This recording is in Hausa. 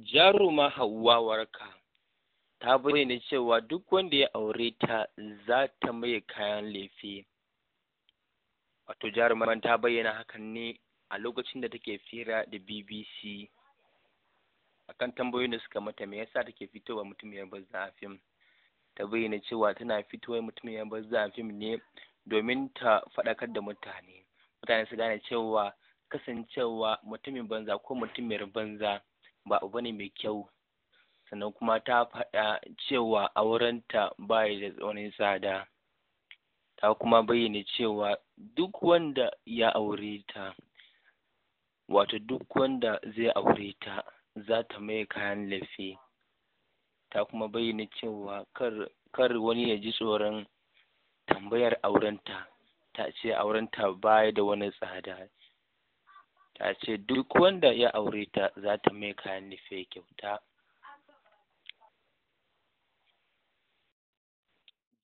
jaruma hauwa warka ta bayyana cewa duk wanda ya aure ta za ta maye kayan lefe wato jaruman ta bayyana hakan ne a lokacin da take fira da bbc akan tambayoyin da suka mata me yasa take fitowa mutum ya a fim ta bayyana cewa tana fitowa mutum ya a fim ne domin ta faɗakar da mutane mutane su gane cewa kasancewa mutumin banza ko mutumin banza ba abu ne mai kyau sannan kuma ta faɗa cewa aurenta ba da tsaunin tsada ta kuma bayyana cewa duk wanda ya aure ta wato duk wanda zai aure ta za ta mai kayan lafi ta kuma bayyana cewa kar, wani ya ji tsoron tambayar aurenta ta ce aurenta baya da wani tsada ta ce duk wanda ya aure ta za ta mai kayan lefe kyauta